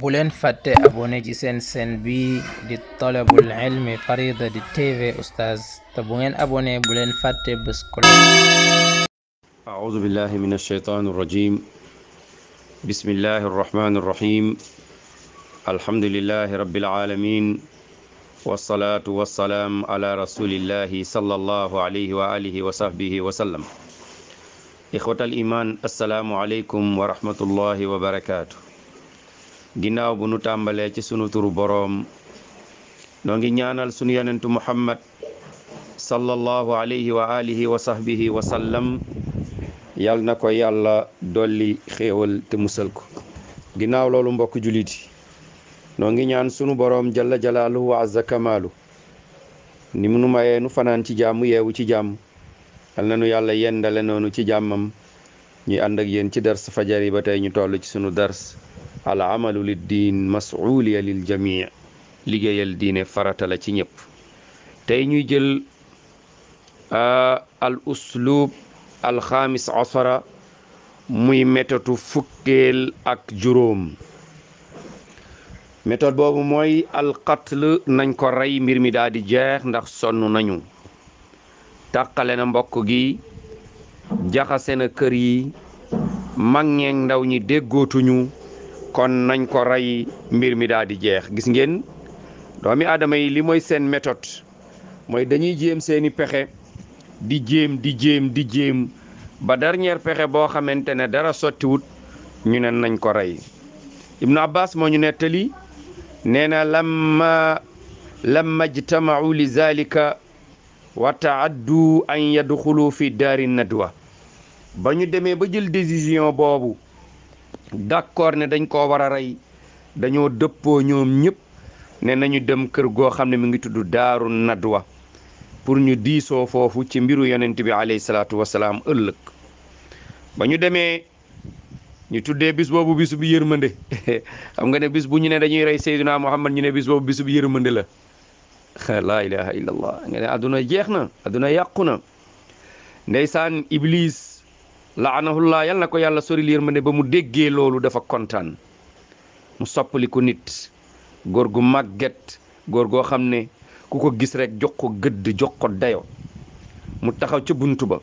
bu leen fàtte abonné ci seen seen bi di talabul ilmi farida di tv oustaz te bu ngeen abonné bu leen fàtte bés ko أعوذ بالله من الشيطان الرجيم بسم الله الرحمن الرحيم الحمد لله رب العالمين والصلاة والسلام على رسول الله صلى الله عليه وآله وصحبه وسلم إخوة الإيمان السلام عليكم ورحمة الله وبركاته ginnaaw bu nu tàmbalee ci sunu turu boroom noo ngi ñaanal sunu yonentu muhammad sallallahu alayhi wa alihi wa sahbihi wa sallam yal na ko yàlla dolli xéewal te musal ko ginnaaw loolu mbokk jullit yi noo ngi ñaan sunu boroom jalla jalaaluhu wa azza kamaalu ni mu nu mayee nu fanaan ci jàmm yeewu ci jàmm yal na nu yàlla yendale noonu ci jàmmam ñuy ànd ak yéen ci dars fajar yi ba tey ñu toll ci sunu dars al amalu lid diin masuuliya lil jamii liggéeyal diine faratala ci ñëpp tey ñuy jël al uslub al xaamis muy méthode fukkeel ak juróom méthode boobu mooy alqatl nañ ko rey mbir mi daal di jeex ndax sonn nañu taqale na mbokk gi jaxase na kër yi mag ñeeg ndaw ñi déggootuñu kon nañ ko rey mbir mi daal di jeex gis ngeen doomi aadama yi lii mooy seen méthode mooy dañuy jéem seeni pexe di jéem di jéem di jéem ba dernier pexe boo xamante ne dara sottiwut ñu ne nañ ko rey ibnu abbas moo ñu nettali nee na lamma lamma jtamau li zalika wa taaddu an yadxulu fi daari nadwa ba ñu demee ba jël décision boobu d'accord ne dañ koo war a rey dañoo dëppoo ñoom ñëpp ne nañu dem kër goo xam ne mu ngi tudd daaru wa pour ñu diisoo foofu ci mbiru yonent bi alayhi salaatu wasalaam ëllëg ba ñu demee ñu tuddee bis boobu bisu bi yërmande xam nga ne bis bu ñu ne dañuy rey Seydina Muhammad ñu ne bis boobu bisu bi yërmande la laa ilaha illallah nga ne adduna jeex na adduna yàqu na ndeysaan Iblis. laanahullaa yal na ko yàlla sori ma ne ba mu déggee loolu dafa kontaan mu soppali ko nit góor gu màgget góor goo xam ne ku ko gis rek jox ko gëdd jox ko dayo mu taxaw ca bunt ba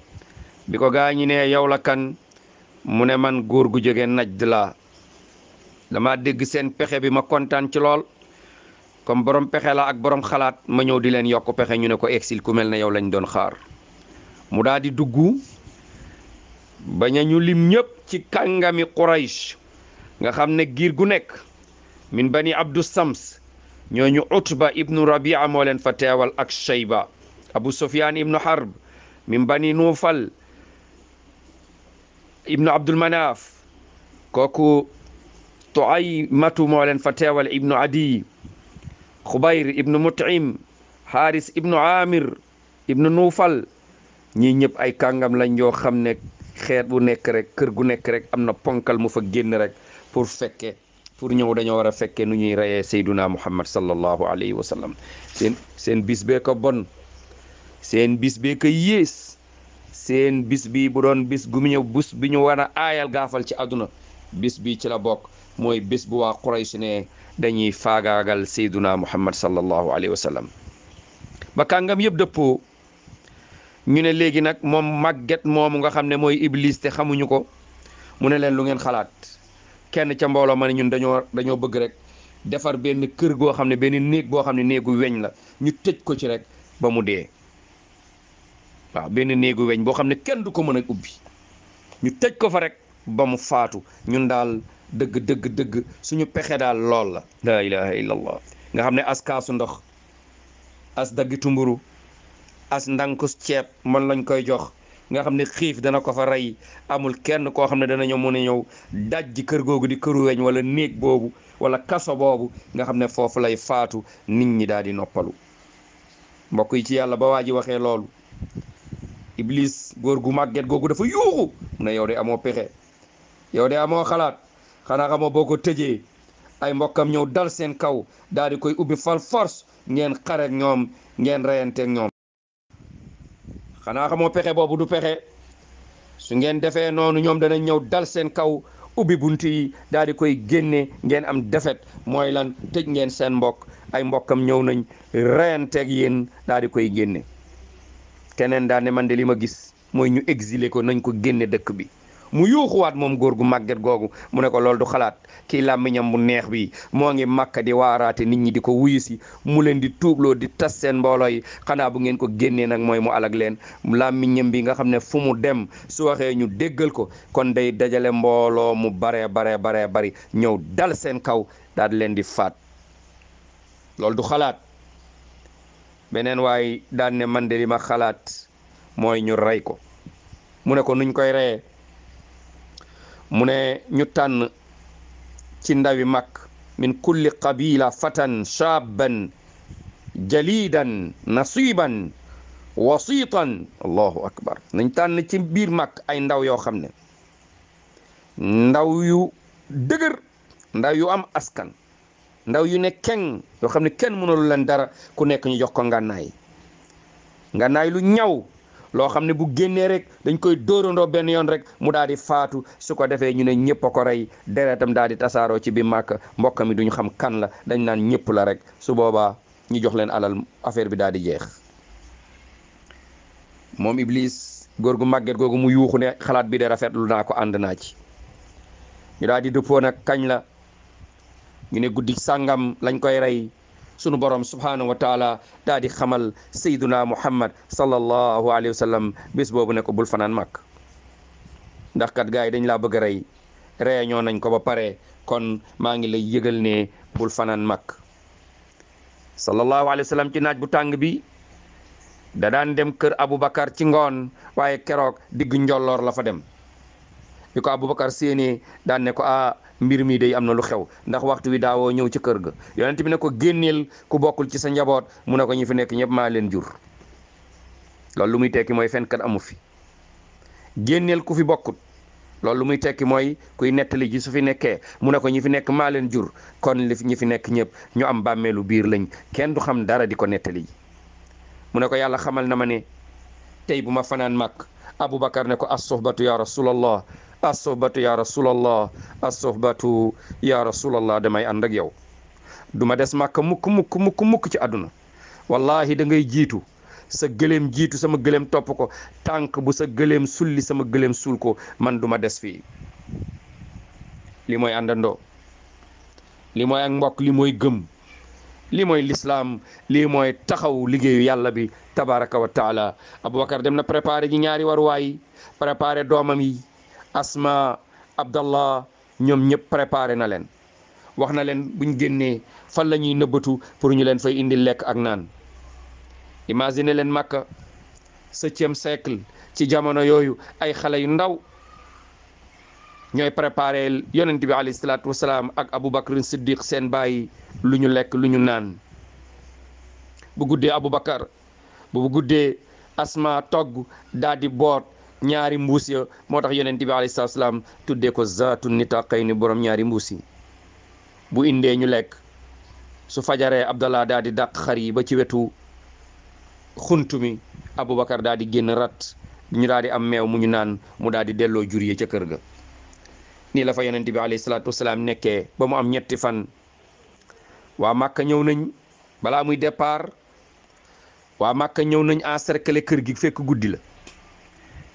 bi ko gaa ñi ne yow la kan mu ne man góor gu jóge najd laa dama dégg seen pexe bi ma kontaan ci lool comme borom pexe la ak boroom xalaat ma ñëw di leen yokk pexe ñu ne ko exil ku mel na yow lañ doon xaar mu daal di dugg baña ñu lim ñëpp ci kàngami Quraysh nga xam ne giir gu nekk min bani Abdu Sams ñooñu Utba ibnu Rabia moo leen fa teewal ak Shayba Abu Sufyaan ibnu Harb min bani Nuufal ibnu Abdul Manaaf kooku Tuay Matu moo fa teewal ibnu Adi Xubayr ibnu Mut'im Haris ibnu Amir ibnu Nuufal ñii ñëpp ay kàngam lañ yoo xam ne xeet bu nekk rek kër gu nekk rek am na ponkal mu fa génn rek pour fekke pour ñëw dañoo war a fekkee nu ñuy reyee sayduna muhammad sallallahu alayhi wa sallam seen seen bis bee ko bon seen bis bee ko yées seen bis bi bu doon bis gu mu ñëw bus bi ñu war a aayal gaafal ci àdduna bis bi ci la bokk mooy bis bu waa Quraysh ne dañuy faagaagal sayduna muhammad sallallahu alayhi wa sallam ba kàngam yëpp dëppoo ñu ne léegi nag moom màgget moomu nga xam ne mooy iblis te xamuñu ko mu ne leen lu ngeen xalaat kenn ca mbooloo ma ne ñun dañoo dañoo bëgg rek defar benn kër goo xam ne benn néeg boo xam ne néegu weñ la ñu tëj ko ci rek ba mu dee waaw benn néegu weñ boo xam ne kenn du ko mën a ubbi ñu tëj ko fa rek ba mu faatu ñun daal dëgg dëgg dëgg suñu pexe daal lool la. la ilaha illallah nga xam ne as kaasu ndox as daggitu mburu as ndànkus ceeb man lañ koy jox nga xam ne xiif dana ko fa rey amul kenn koo xam ne dana ñëw mun a ñëw dajji kër googu di këru weñ wala néeg boobu wala kaso boobu nga xam ne foofu lay faatu nit ñi daal di noppalu mbokk yi ci yàlla ba waa ji waxee loolu iblis góor gu màgget googu dafa yuuxu ne yow de amoo pexe yow de amoo xalaat xanaa xamoo boo ko tëjee ay mbokkam ñëw dal seen kaw daal di koy ubbi fal force ngeen xare ñoom ngeen reyante ak ñoom xanaa xamoo pexe boobu du pexe su ngeen defee noonu ñoom dana ñëw dal seen kaw ubbi bunt yi daal di koy génne ngeen am defet mooy lan tëj ngeen seen mbokk ay mbokkam ñëw nañ reyanteeg yéen daal di koy génne keneen daal ne man de li ma gis mooy ñu exilé ko nañ ko génne dëkk bi mu yuuxuwaat moom góor gu màgget googu mu ne ko loolu du xalaat kii làmmiñam mu neex bi moo ngi màkk di waaraate nit ñi di ko wuyu si mu leen di tuubloo di tas seen mbooloo yi xanaa bu ngeen ko génnee nag mooy mu alag leen làmmiñam bi nga xam ne fu mu dem su waxee ñu déggal ko kon day dajale mbooloo mu baree baree baree bari ñëw dal seen kaw daal leen di faat loolu du xalaat beneen waaye daan ne man de li ma xalaat mooy ñu rey ko mu ne ko nuñ koy reyee mu ne ñu tànn ci ndawi mag min kulli qabila fatan shaaban jalidan nasiban wasitan allahu akbar nañ tànn ci biir mag ay ndaw yoo xam ne ndaw yu dëgër ndaw yu am askan ndaw yu ne kenn yoo xam ne kenn mënalu leen dara ku nekk ñu jox ko ngànnaay ngànnaay lu ñaw loo xam ne bu génnee rek dañ koy dóorandoo benn yoon rek mu daal di faatu su ko defee ñu ne ñëpp a ko rey deretam daal di tasaaroo ci bi màkk mbokk mi duñu xam kan la dañ naan ñëpp la rek su boobaa ñu jox leen alal affaire bi daal di jeex moom Iblis góor gu màgget googu mu yuuxu ne xalaat bi de rafetlu naa ko ànd naa ci ñu daal di nag kañ la ñu ne guddi sàngam lañ koy rey sunu borom subhaanahu wa taala daa di xamal sayduna muhammad sallallahu alayhi wa sallam bis boobu ne bul fanaan màkk ndax kat gars yi dañ laa bëgg a rey réunion nañ ko ba pare kon maa ngi lay yëgal ne bul fanaan màkk sallallahu alayhi wa sallam ci naaj bu tàng bi da daan dem kër abu bakar ci ngoon waaye keroog digg njolloor la fa dem bi ko bakar séenee daan ne ko ah mbir mi day am na lu xew ndax waxtu wi daawoo ñëw ci kër ga yonent bi ne ko génneel ku bokkul ci sa njaboot mu ne ko ñi fi nekk ñëpp maa leen jur loolu lu muy tekki mooy fenkat amu fi génneel ku fi bokkut loolu lu muy tekki mooy kuy nettali ji su fi nekkee mu ne ko ñi fi nekk maa leen jur kon li ñi fi nekk ñëpp ñu am bàmmeelu biir lañ kenn du xam dara di ko nettali mu ne ko yàlla xamal na ma ne tey bu ma fanaan màkk Aboubacar ne ko as-suhbatu ya rasulallah assohbatu ya rasulallah assohbatu ya rasulallah damay ànd ak yow duma des màkka mukk mukk mukk mukk ci àdduna wallahi da ngay jiitu sa gëléem jiitu sama gëléem topp ko tànk bu sa gëléem sulli sama gëléem suul ko man duma des fii lii mooy àndandoo li mooy ak mbokk li mooy gëm lii mooy lislaam lii mooy taxaw liggéeyu yàlla bi tabaraka wa taala dem na préparé ji ñaari waruwaay préparé doomam yi Asma Abdallah ñoom ñëpp préparé na leen wax na leen buñ génnee fan la ñuy nëbbatu pour ñu leen fay indi lekk ak naan imagine leen Makka septième siècle ci jamono yooyu ay xale yu ndaw ñooy préparé yonent bi alayhi salaatu wasalaam ak Aboubacar Siddiq seen bàyyi lu ñu lekk lu ñu naan bu guddee abu Aboubacar bu guddee Asma togg daldi boot ñaari mbuus ya moo tax yonent bi alayhi salaatu salaam tuddee ko zaatu nitaqayni borom ñaari mbuus yi bu indee ñu lekk su fajaree Abdallah daal di dàq xar yi ba ci wetu xunt mi abu Aboubacar daal di génn rat ñu daal di am meew mu ñu naan mu daal di delloo jur yi ca kër ga. nii la fa yonent bi alayhi salaatu wasalaam nekkee ba mu am ñetti fan waa Màkka ñëw nañ balaa muy départ waa Màkka ñëw nañ encercler kër gi fekk guddi la.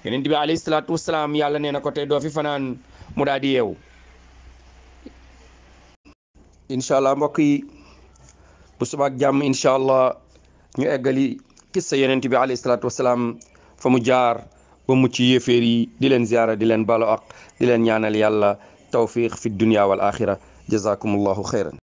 yonent bi alayhi salaatu yàlla nee na ko tey doo fi fanaan mu daal di yeewu incha mbokk yi bu suba ak jàmm allah ñu eggali kissa yonent bi alayhi salaatu fa mu jaar ba mucc yéeféer yi di leen ziyaara di leen balo ak di leen ñaanal yàlla tawfiq fi dunya wal axira jazakumullahu xayran